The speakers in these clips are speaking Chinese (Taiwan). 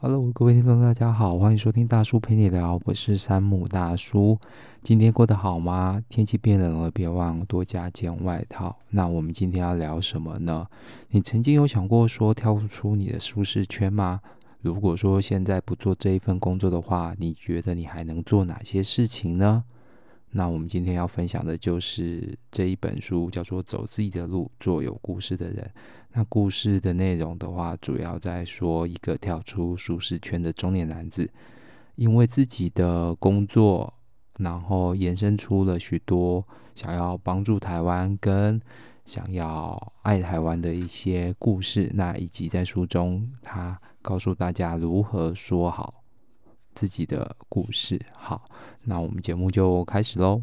Hello，各位聽眾，大家好，歡迎收聽大叔陪你聊，我是山姆大叔。今天過得好嗎？天氣變冷了，別忘了多加件外套。那我們今天要聊什麼呢？你曾經有想過說跳出你的舒適圈嗎？如果說現在不做這一份工作的話，你覺得你還能做哪些事情呢？那我們今天要分享的就是這一本書，叫做《走自己的路，做有故事的人》。那故事的內容的話，主要在說一個跳出舒適圈的中年男子，因為自己的工作，然後延伸出了許多想要幫助台灣跟想要愛台灣的一些故事。那以及在書中，他告訴大家如何說好自己的故事。好，那我們節目就開始嘍。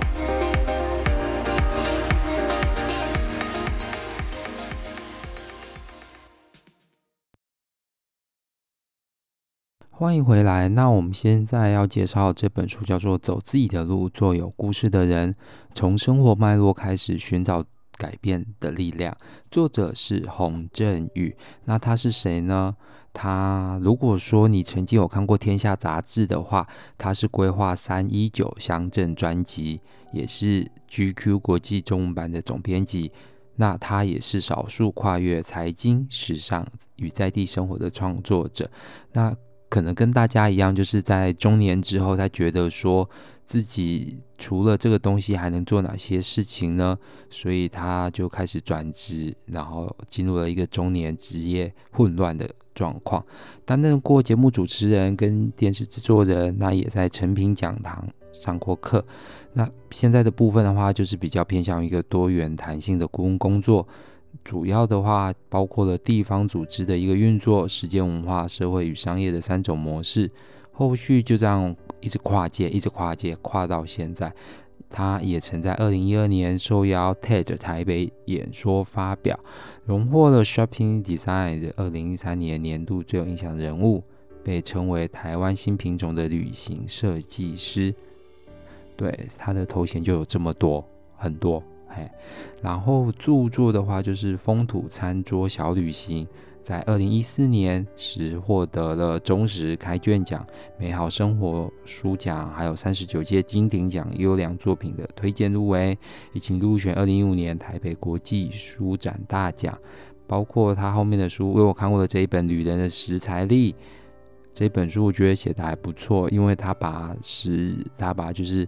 歡迎回來。那我們現在要介紹這本書，叫做《走自己的路，做有故事的人》，從生活脈絡開始尋找改變的力量。作者是洪震宇。那他是誰呢？他如果說你曾經有看過《天下》雜誌的話，他是《規劃三一九鄉鎮專輯》，也是《GQ 國際中文版》的總編輯。那他也是少數跨越財經、時尚與在地生活的創作者。那可能跟大家一樣，就是在中年之後，他覺得說自己除了這個東西還能做哪些事情呢？所以他就開始轉職，然後進入了一個中年職業混亂的狀況，擔任過節目主持人跟電視制作人，那也在誠品講堂上過課。那現在的部分的話，就是比較偏向於一個多元彈性的工工作。主要的話，包括了地方組織的一個運作、時間文化、社會與商業的三種模式。後續就這樣一直跨界，一直跨界，跨到現在。他也曾在2012年受邀 TED 台北演說發表，榮獲了 Shopping Design 的2013年年度最有影響人物，被稱為台灣新品種的旅行設計師。對，他的頭銜就有這麼多，很多。嘿，然後著作的話，就是《風土餐桌小旅行》，在二零一四年時獲得了中時開卷獎、美好生活書獎，還有三十九屆金鼎獎優良作品的推薦入圍，已經入選二零一五年台北國際書展大獎。包括他後面的書，為我看過的這一本《旅人的食材曆》這本書，我覺得寫得還不錯，因為他把食，他把就是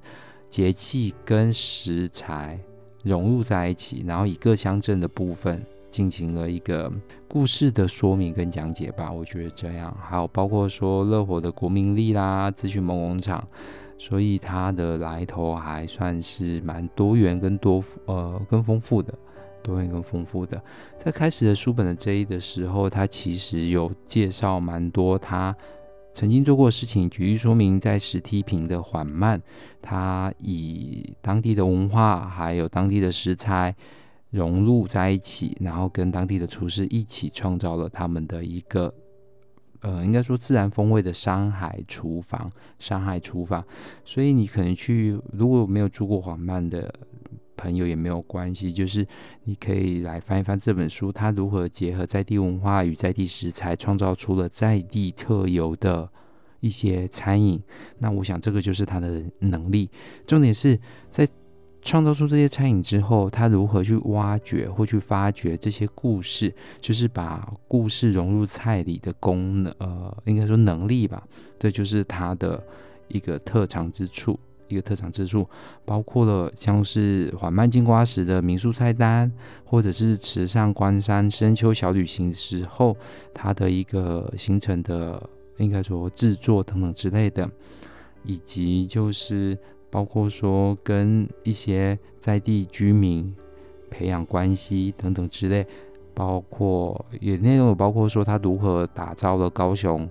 節氣跟食材。融入在一起，然後以各鄉鎮的部分進行了一個故事的說明跟講解吧。我覺得這樣，還有包括說樂活的國民力啦、資訊夢工廠，所以它的來頭還算是蠻多元跟多呃跟豐富的，多元跟豐富的。在開始的書本的這一的時候，他其實有介紹蠻多他。曾經做過的事情，舉例說明，在石梯坪的緩慢，它以當地的文化還有當地的食材融入在一起，然後跟當地的廚師一起創造了他們的一個，呃，應該說自然風味的山海廚房，山海廚房。所以你可能去，如果沒有住過緩慢的。朋友也沒有關係，就是你可以來翻一翻這本書，他如何結合在地文化與在地食材，創造出了在地特有的一些餐飲。那我想這個就是他的能力。重點是在創造出這些餐飲之後，他如何去挖掘或去發掘這些故事，就是把故事融入菜裡的功能，呃，應該說能力吧，這就是他的一個特長之處。一個特長之處，包括了像是緩慢金瓜石的民宿菜單，或者是池上關山深秋小旅行時候，它的一個行程的應該說製作等等之類的，以及就是包括說跟一些在地居民培養關係等等之類，包括也內容有包括說他如何打造了高雄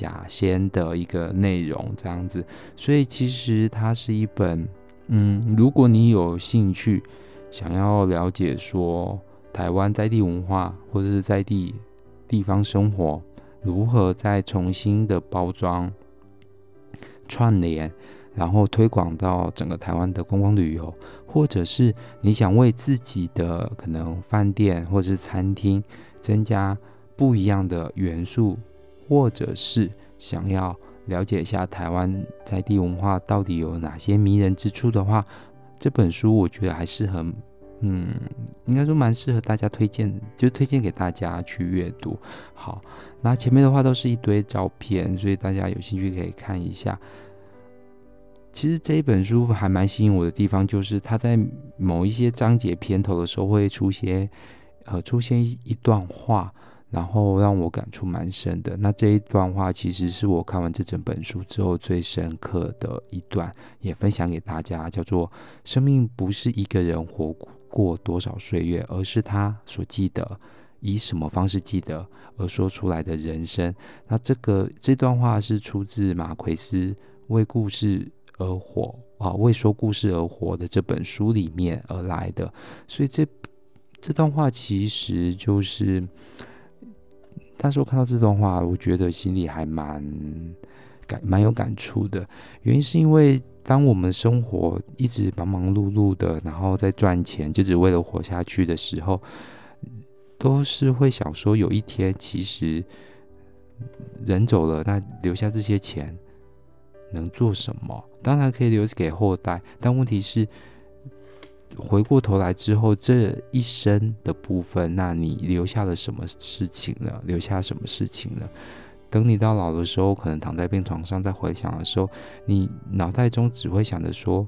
假先的一個內容這樣子，所以其實它是一本，嗯，如果你有興趣想要了解說台灣在地文化或者是在地地方生活如何再重新的包裝串聯，然後推廣到整個台灣的觀光旅遊，或者是你想為自己的可能飯店或者是餐廳增加不一樣的元素。或者是想要了解一下台灣在地文化到底有哪些迷人之處的話，這本書我覺得還是很，嗯，應該說蠻適合大家推薦，就推薦給大家去閱讀。好，那前面的話都是一堆照片，所以大家有興趣可以看一下。其實這一本書還蠻吸引我的地方，就是它在某一些章節片頭的時候會出現，呃，出現一,一段話。然後讓我感觸蠻深的。那這一段話其實是我看完這整本書之後最深刻的一段，也分享給大家，叫做“生命不是一個人活過多少歲月，而是他所記得，以什麼方式記得而說出來的人生”。那這個，這段話是出自馬奎斯《為故事而活》啊，《為說故事而活》的這本書裡面而來的。所以這，這段話其實就是。但是我看到這段話，我覺得心裡還蠻感蠻有感觸的。原因是因為，當我們生活一直忙忙碌碌的，然後在賺錢，就只為了活下去的時候，都是會想說，有一天其實人走了，那留下這些錢能做什麼？當然可以留給後代，但問題是。回過頭來之後，這一生的部分，那你留下了什麼事情呢？留下什麼事情呢？等你到老的時候，可能躺在病床上再回想的時候，你腦袋中只會想着說：“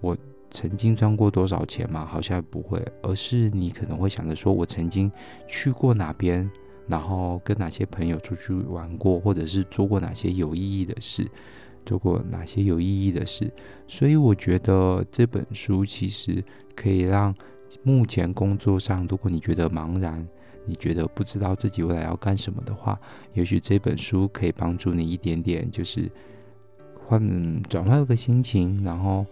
我曾經賺過多少錢嗎？”好像不會，而是你可能會想着說：“我曾經去過哪邊，然後跟哪些朋友出去玩過，或者是做過哪些有意義的事。”做過哪些有意義的事？所以我覺得這本書其實可以讓目前工作上，如果你覺得茫然，你覺得不知道自己未來要幹什麼的話，也許這本書可以幫助你一點點，就是換轉換一個心情，然後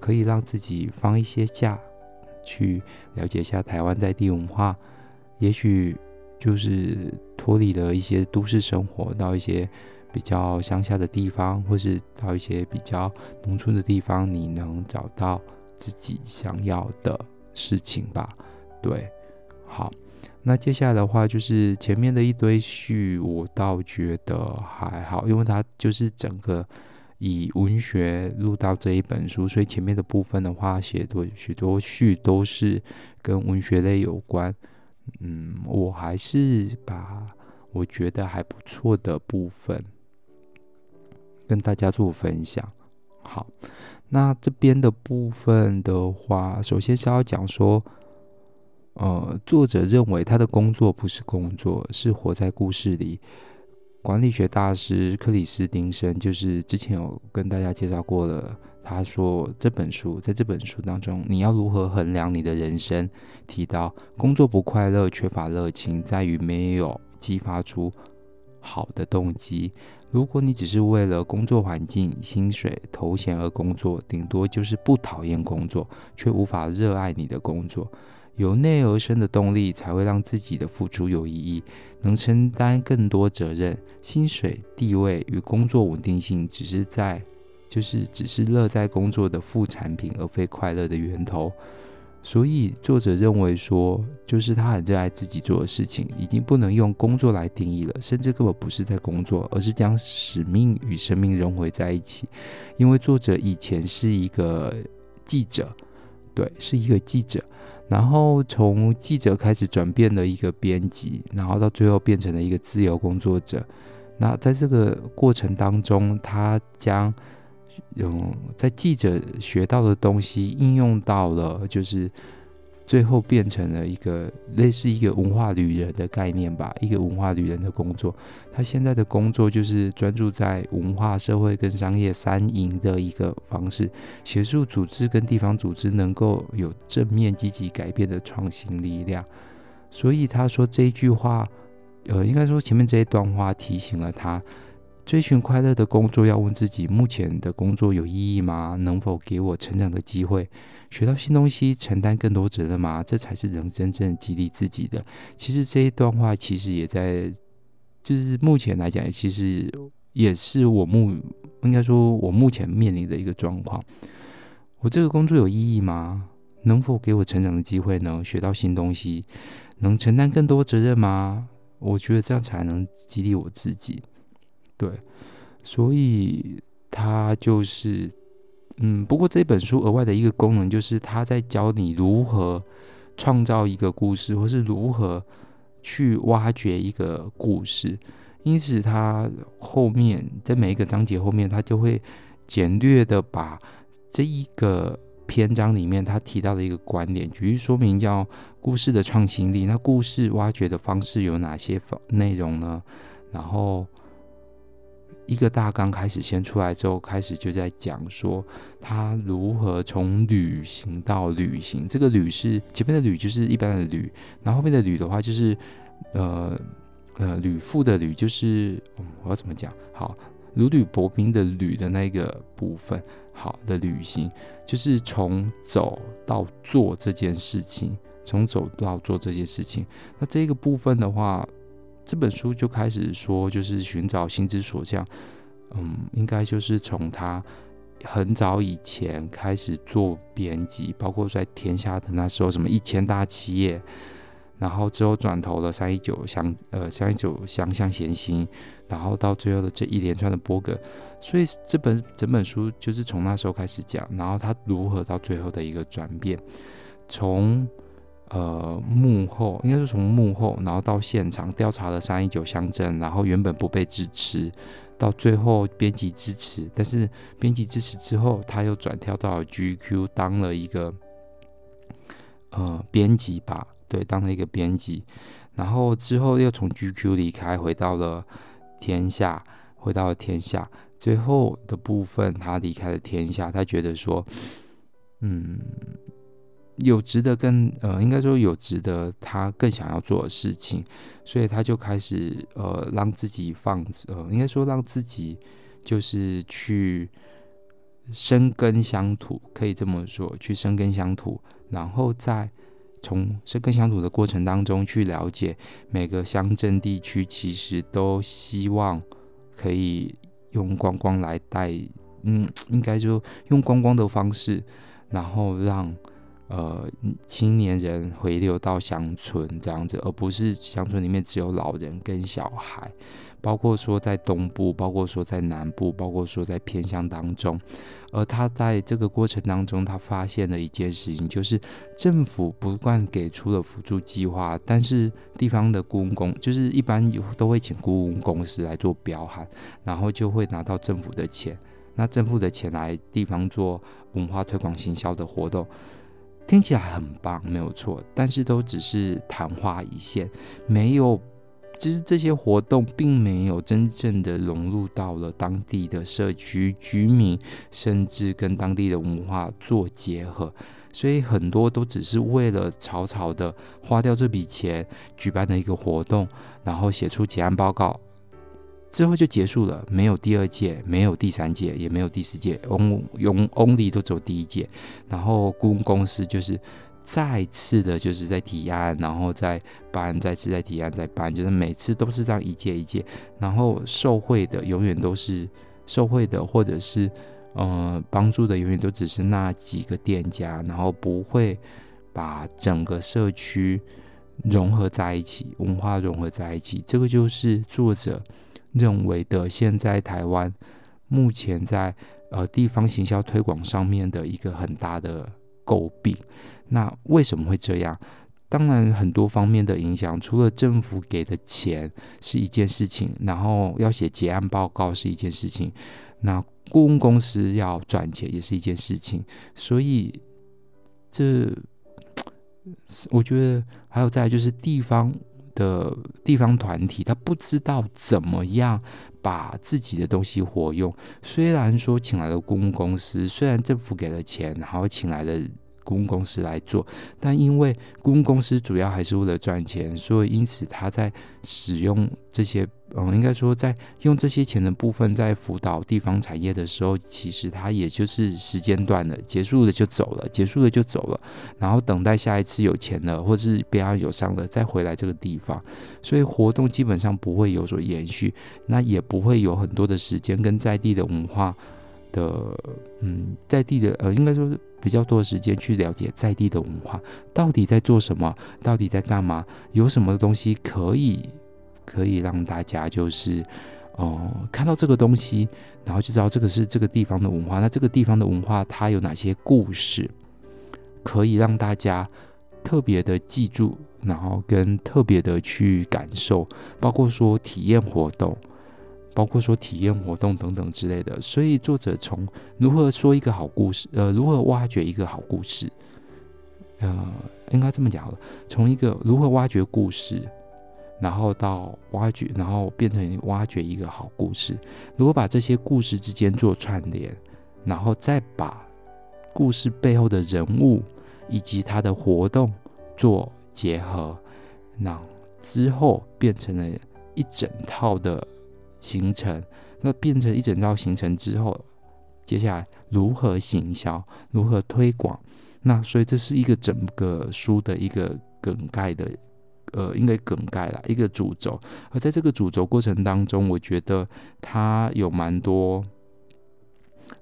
可以讓自己放一些假，去了解一下台灣在地文化，也許就是脫離了一些都市生活到一些。比較鄉下的地方，或是到一些比較農村的地方，你能找到自己想要的事情吧？對，好，那接下來的話就是前面的一堆序，我倒覺得還好，因為它就是整個以文學入到這一本書，所以前面的部分的話，寫多許多序都是跟文學類有關。嗯，我還是把我覺得還不錯的部分。跟大家做分享。好，那這邊的部分的話，首先是要講說，呃，作者認為他的工作不是工作，是活在故事裡。管理學大師克里斯汀生，就是之前有跟大家介紹過了。他說這本書，在這本書當中，你要如何衡量你的人生？提到工作不快樂、缺乏熱情，在於沒有激發出好的動機。如果你只是為了工作環境、薪水、頭銜而工作，頂多就是不討厭工作，卻無法熱愛你的工作。由內而生的動力，才會讓自己的付出有意義，能承擔更多責任。薪水、地位與工作穩定性，只是在，就是只是樂在工作的副產品，而非快樂的源頭。所以作者認為說，就是他很熱愛自己做的事情，已經不能用工作來定義了，甚至根本不是在工作，而是將使命與生命融合在一起。因為作者以前是一個記者，對，是一個記者，然後從記者開始轉變了一個編輯，然後到最後變成了一個自由工作者。那在這個過程當中，他將。嗯，在記者學到的東西應用到了，就是最後變成了一個類似一個文化旅人的概念吧，一個文化旅人的工作。他現在的工作就是專注在文化、社會跟商業三贏的一個方式，學術組織跟地方組織能夠有正面積極改變的創新力量。所以他說這一句話，呃，應該說前面這一段話提醒了他。追尋快樂的工作，要問自己：目前的工作有意義嗎？能否給我成長的機會，學到新東西，承擔更多責任嗎？這才是能真正激勵自己的。其實這一段話，其實也在就是目前來講，其實也是我目應該說，我目前面臨的一個狀況。我這個工作有意義嗎？能否給我成長的機會呢？學到新東西，能承擔更多責任嗎？我覺得這樣才能激勵我自己。對，所以它就是，嗯，不過這本書額外的一個功能就是，它在教你如何創造一個故事，或是如何去挖掘一個故事。因此，它後面在每一個章節後面，它就會簡略的把這一個篇章裡面他提到的一個觀點，舉例說明叫故事的創新力。那故事挖掘的方式有哪些方內容呢？然後。一個大綱開始先出來之後，開始就在講說他如何從旅行到履行。這個旅是前面的旅，就是一般的旅，然後後面的履的話就是，呃呃，履父的履。就是，我要怎麼講？好，如履薄冰的履的那個部分，好的旅行就是從走到做這件事情，從走到做這件事情。那這個部分的話。這本書就開始說，就是尋找心之所向。嗯，應該就是從他很早以前開始做編輯，包括在天下的那時候，什麼一千大企業，然後之後轉投了三一九鄉，呃，三一九鄉向前行，然後到最後的這一連串的波折。所以這本整本書就是從那時候開始講，然後他如何到最後的一個轉變，從。呃，幕後應該是從幕後，然後到現場調查了三一九鄉鎮，然後原本不被支持，到最後編輯支持，但是編輯支持之後，他又轉跳到了 GQ 當了一個呃編輯吧，對，當了一個編輯，然後之後又從 GQ 離開，回到了天下，回到了天下，最後的部分他離開了天下，他覺得說，嗯。有值得更呃，應該說有值得他更想要做的事情，所以他就開始呃，讓自己放呃，應該說讓自己就是去深耕鄉土，可以這麼說，去深耕鄉土，然後再從深耕鄉土的過程當中去了解每個鄉鎮地區，其實都希望可以用觀光來帶，嗯，應該說用觀光的方式，然後讓。呃，青年人回流到鄉村這樣子，而不是鄉村裡面只有老人跟小孩，包括說在東部，包括說在南部，包括說在偏鄉當中。而他在這個過程當中，他發現了一件事情，就是政府不斷給出了輔助計劃，但是地方的顧問就是一般都會請顧問公司來做標函，然後就會拿到政府的錢，那政府的錢來地方做文化推廣行銷的活動。聽起來很棒，沒有錯，但是都只是曇花一現，沒有，其實這些活動並沒有真正的融入到了當地的社區居民，甚至跟當地的文化做結合，所以很多都只是為了草草的花掉這筆錢舉辦的一個活動，然後寫出結案報告。之後就結束了，沒有第二屆，沒有第三屆，也沒有第四屆。Only Only 都走第一屆，然後公公司就是再次的就是在提案，然後再辦，再次在提案再辦，就是每次都是這樣一屆一屆。然後受惠的永遠都是受惠的，或者是嗯、呃、幫助的永遠都只是那幾個店家，然後不會把整個社區融合在一起，文化融合在一起。這個就是作者認為的現在台灣目前在呃地方行銷推廣上面的一個很大的詬病，那為什麼會這樣？當然很多方面的影響，除了政府給的錢是一件事情，然後要寫結案報告是一件事情，那顧問公司要賺錢也是一件事情，所以這我覺得還有再就是地方。的地方團體，他不知道怎麼樣把自己的東西活用。雖然說請來了公共公司，雖然政府給了錢，然後請來了公共公司來做，但因為公共公司主要還是為了賺錢，所以因此他在使用這些。我們、嗯、應該說，在用這些錢的部分，在輔導地方產業的時候，其實它也就是時間段的，結束了就走了，結束了就走了，然後等待下一次有錢了，或者是別人有傷了，再回來這個地方，所以活動基本上不會有所延續，那也不會有很多的時間跟在地的文化的，嗯，在地的，呃，應該說比較多的時間去了解在地的文化到底在做什麼，到底在幹嘛，有什麼東西可以。可以讓大家就是，哦、呃，看到這個東西，然後就知道這個是這個地方的文化。那這個地方的文化，它有哪些故事，可以讓大家特別的記住，然後跟特別的去感受，包括說體驗活動，包括說體驗活動等等之類的。所以作者從如何說一個好故事，呃，如何挖掘一個好故事，呃，應該這麼講，從一個如何挖掘故事。然後到挖掘，然後變成挖掘一個好故事。如果把這些故事之間做串聯，然後再把故事背後的人物以及他的活動做結合，那之後變成了一整套的行程。那變成一整套行程之後，接下來如何行銷，如何推廣？那所以這是一個整個書的一個梗概的。呃，應該梗概啦，一個主軸。而在這個主軸過程當中，我覺得它有蠻多，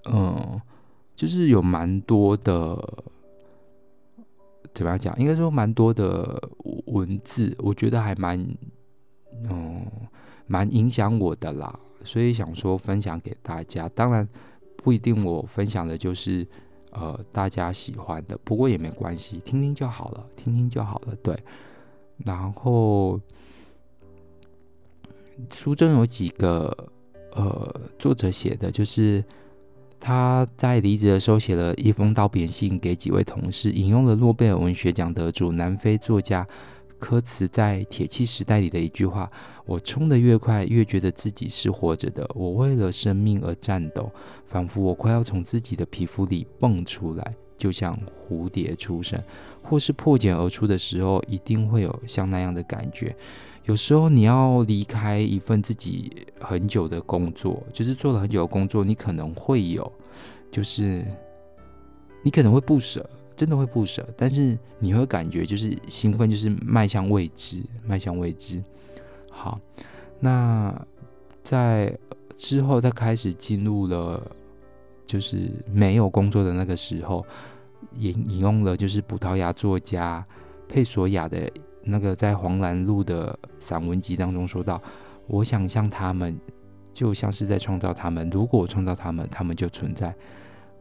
嗯、呃，就是有蠻多的，怎麼樣講？應該說蠻多的文字，我覺得還蠻，嗯、呃，蠻影響我的啦。所以想說分享給大家，當然不一定我分享的就是，呃，大家喜歡的，不過也沒關係，聽聽就好了，聽聽就好了，對。然後，書中有幾個，呃，作者寫的就是他在離職的時候寫了一封道別信給幾位同事，引用了諾貝爾文學獎得主、南非作家。歌詞在鐵器時代裡的一句話：“我衝得越快，越覺得自己是活着的。我為了生命而戰鬥，仿佛我快要從自己的皮膚裡蹦出來，就像蝴蝶出生，或是破繭而出的時候，一定會有像那樣的感覺。有時候你要離開一份自己很久的工作，就是做了很久的工作，你可能會有，就是你可能會不捨。”真的會不舍，但是你會感覺就是興奮，就是邁向未知，邁向未知。好，那在之後他開始進入了，就是沒有工作的那個時候，引引用了就是葡萄牙作家佩索亞的那個在惶然錄的散文集當中說道：“我想象他們，就像是在創造他們。如果我創造他們，他們就存在。”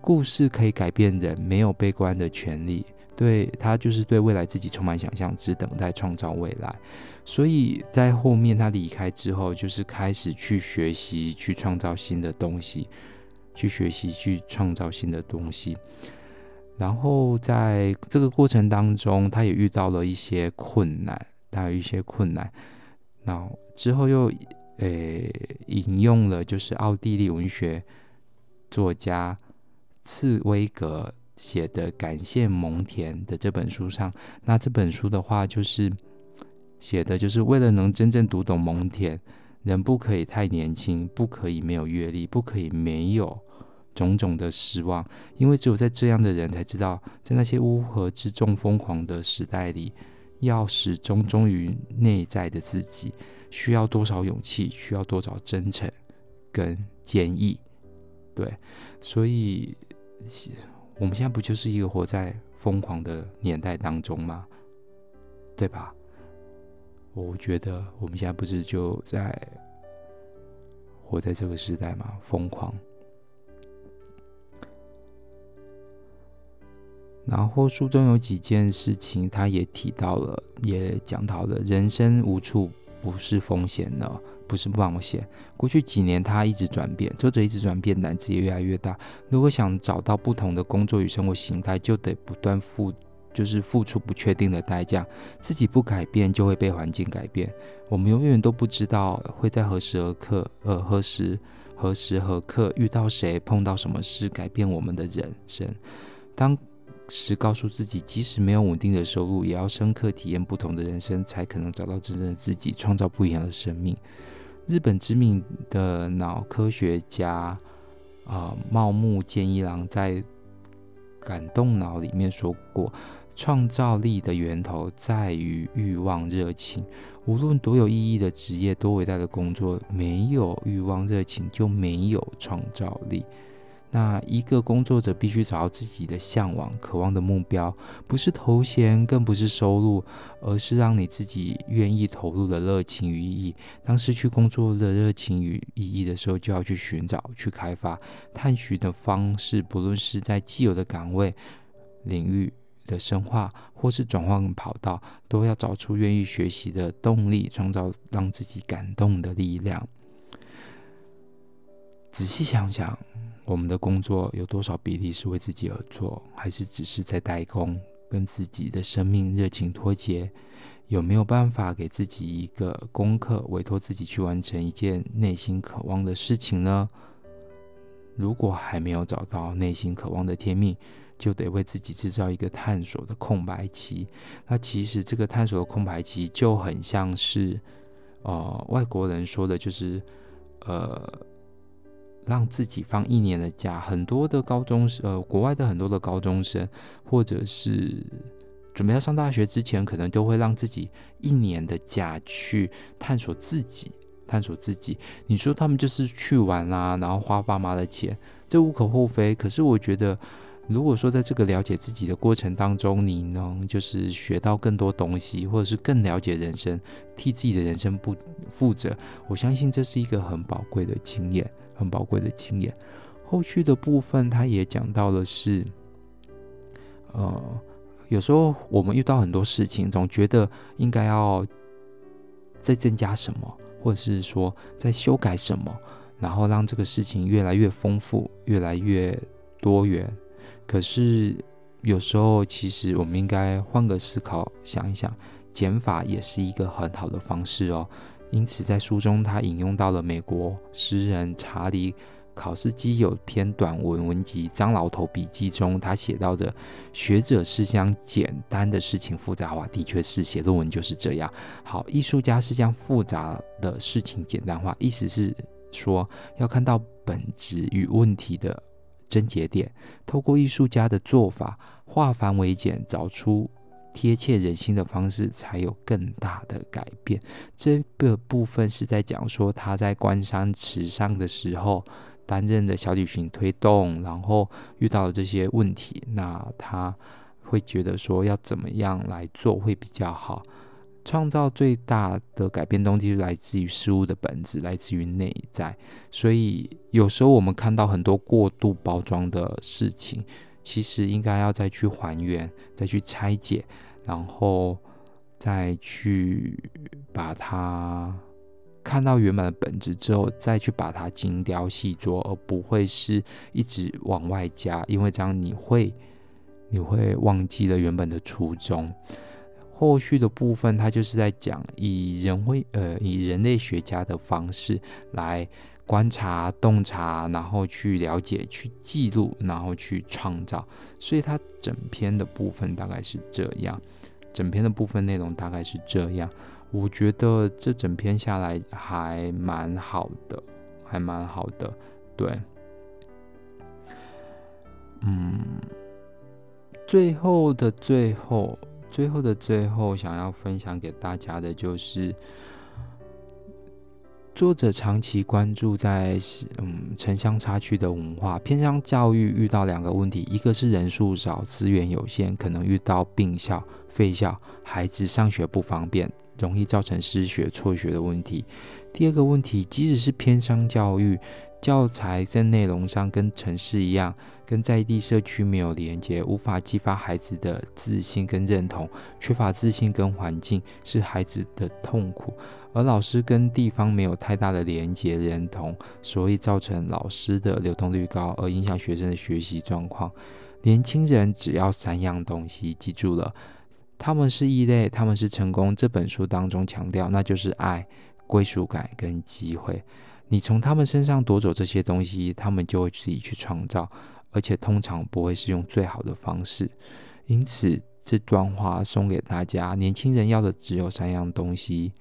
故事可以改變人，沒有悲觀的權利。對，他就是對未來自己充滿想象，只等待創造未來。所以在後面他離開之後，就是開始去學習，去創造新的東西，去學習，去創造新的東西。然後在這個過程當中，他也遇到了一些困難，他有一些困難。那之後又誒、欸、引用了就是奧地利文學作家。茨威格寫的《感謝蒙田》的這本書上，那這本書的話，就是寫的就是為了能真正讀懂蒙田，人不可以太年輕，不可以沒有閱歷，不可以沒有種種的失望，因為只有在這樣的人才知道，在那些烏合之眾瘋狂的時代裡，要始終忠，忠於內在的自己，需要多少勇氣，需要多少真誠跟堅毅，對，所以。我們現在不就是一個活在瘋狂的年代當中嗎？對吧？我覺得我們現在不是就在活在這個時代嗎？瘋狂。然後書中有幾件事情，他也提到了，也講到了，人生無處。不是風險呢，不是不冒險。過去幾年，他一直轉變，作者一直轉變，膽子也越來越大。如果想找到不同的工作與生活形態，就得不斷付，就是付出不確定的代價。自己不改變，就會被環境改變。我們永遠都不知道會在何時何刻，呃，何時何時何刻遇到誰，碰到什麼事改變我們的人生。當是告訴自己，即使沒有穩定的收入，也要深刻體驗不同的人生，才可能找到真正的自己，創造不一樣的生命。日本知名的腦科學家啊、呃、茂木健一郎在《感動腦》裡面說過，創造力的源頭在於欲望、熱情。無論多有意義的職業，多偉大的工作，沒有欲望、熱情，就沒有創造力。那一個工作者必須找到自己的嚮往、渴望的目標，不是頭銜，更不是收入，而是讓你自己願意投入的熱情與意義。當失去工作的熱情與意義的時候，就要去尋找、去開發、探尋的方式。不論是在既有的崗位領域的深化，或是轉換跑道，都要找出願意學習的動力，創造讓自己感動的力量。仔細想想，我們的工作有多少比例是為自己而做，還是只是在代工，跟自己的生命熱情脫節？有沒有辦法給自己一個功課，委託自己去完成一件內心渴望的事情呢？如果還沒有找到內心渴望的天命，就得為自己制造一個探索的空白期。那其實這個探索的空白期就很像是，呃，外國人說的就是，呃。讓自己放一年的假，很多的高中生，呃，國外的很多的高中生，或者是準備要上大學之前，可能都會讓自己一年的假去探索自己，探索自己。你說他們就是去玩啦，然後花爸媽的錢，這無可厚非。可是我覺得，如果說在這個了解自己的過程當中，你能就是學到更多東西，或者是更了解人生，替自己的人生負責，我相信這是一個很寶貴的經驗。很寶貴的經驗。後續的部分，他也講到了是，呃，有時候我們遇到很多事情，總覺得應該要再增加什麼，或者是說再修改什麼，然後讓這個事情越來越豐富、越來越多元。可是有時候，其實我們應該換個思考，想一想，減法也是一個很好的方式哦。因此，在書中，他引用到了美國詩人查理·考斯基有篇短文文集《張老頭筆記》中，他寫到的：“學者是將簡單的事情複雜化，的確是寫論文就是這樣。好，藝術家是將複雜的事情簡單化，意思是說要看到本質與問題的症結點，透過藝術家的做法，化繁為簡，找出。”貼切人心的方式才有更大的改變。這個部分是在講說他在關山池上的時候擔任的小旅行推動，然後遇到了這些問題，那他會覺得說要怎麼樣來做會比較好。創造最大的改變，動機來自於事物的本質，來自於內在。所以有時候我們看到很多過度包裝的事情。其實應該要再去還原，再去拆解，然後再去把它看到原本的本質之後，再去把它精雕細琢，而不會是一直往外加，因為這樣你會你會忘記了原本的初衷。後續的部分，它就是在講以人為呃以人類學家的方式來。觀察、洞察，然後去了解、去記錄，然後去創造。所以，它整篇的部分大概是這樣，整篇的部分內容大概是這樣。我覺得這整篇下來還蠻好的，還蠻好的。對，嗯，最後的最後，最後的最後，想要分享給大家的就是。作者長期關注在嗯，城鄉差距的文化，偏鄉教育遇到兩個問題，一個是人數少，資源有限，可能遇到併校、廢校，孩子上學不方便，容易造成失學、輟學的問題。第二個問題，即使是偏鄉教育，教材在內容上跟城市一樣。跟在地社區沒有連接，無法激發孩子的自信跟認同，缺乏自信跟環境是孩子的痛苦。而老師跟地方沒有太大的連接連通，所以造成老師的流動率高，而影響學生的學習狀況。年輕人只要三樣東西，記住了，他們是異類，他們是成功。這本書當中強調，那就是愛、歸屬感跟機會。你從他們身上奪走這些東西，他們就會自己去創造。而且通常不會是用最好的方式，因此這段話送給大家：年輕人要的只有三樣東西，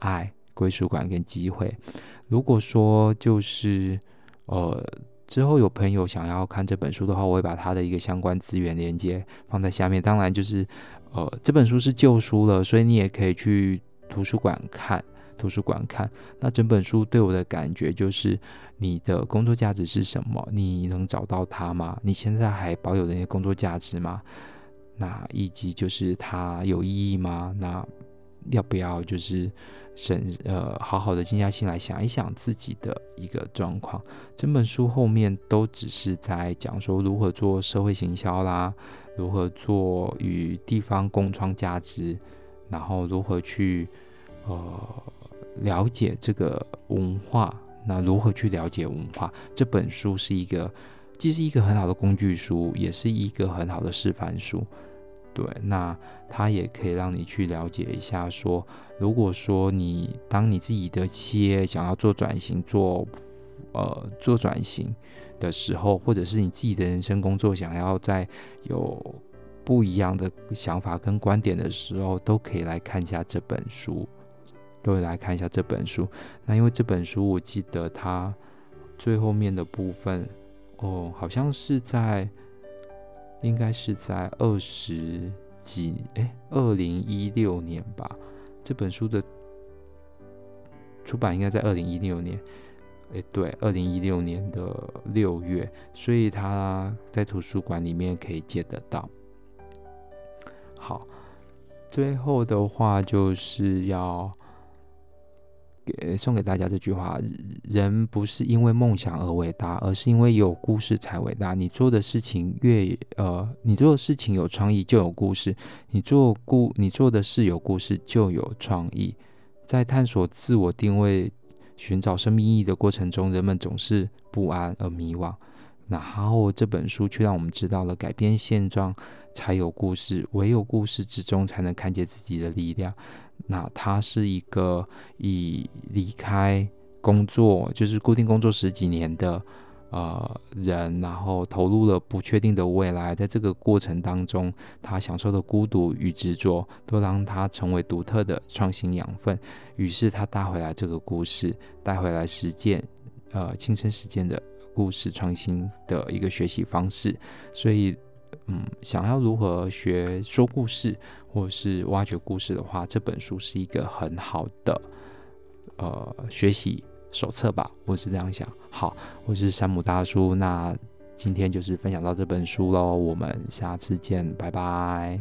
愛、歸屬感跟機會。如果說就是呃之後有朋友想要看這本書的話，我會把它的一個相關資源連接放在下面。當然就是呃這本書是舊書了，所以你也可以去圖書館看。圖書館看那整本書，對我的感覺就是：你的工作價值是什麼？你能找到它嗎？你現在還保有那些工作價值嗎？那以及就是它有意義嗎？那要不要就是省呃，好好的靜下心來想一想自己的一個狀況。整本書後面都只是在講說如何做社會行銷啦，如何做與地方共創價值，然後如何去呃。了解這個文化，那如何去了解文化？這本書是一個，既是一個很好的工具書，也是一個很好的示範書。對，那它也可以讓你去了解一下。說，如果說你當你自己的企業想要做轉型，做呃做轉型的時候，或者是你自己的人生工作想要再有不一樣的想法跟觀點的時候，都可以來看一下這本書。都會來看一下這本書。那因為這本書，我記得它最後面的部分哦，好像是在，應該是在二十幾哎，二零一六年吧。這本書的出版應該在二零一六年，哎，對，二零一六年的六月，所以它在圖書館裡面可以借得到。好，最後的話就是要。給送給大家這句話：人不是因為夢想而偉大，而是因為有故事才偉大。你做的事情越……呃，你做的事情有創意就有故事；你做故你做的事有故事就有創意。在探索自我定位、尋找生命意義的過程中，人們總是不安而迷惘。然後這本書卻讓我們知道了：改變現狀才有故事，唯有故事之中才能看見自己的力量。那他是一個已離開工作，就是固定工作十幾年的呃人，然後投入了不確定的未來，在這個過程當中，他享受的孤獨與執着，都讓他成為獨特的創新養分。於是他帶回來這個故事，帶回來實踐，呃親身實踐的故事創新的一個學習方式，所以。嗯，想要如何學說故事，或是挖掘故事的話，這本書是一個很好的呃學習手冊吧，我是這樣想。好，我是山姆大叔，那今天就是分享到這本書嘍，我們下次見，拜拜。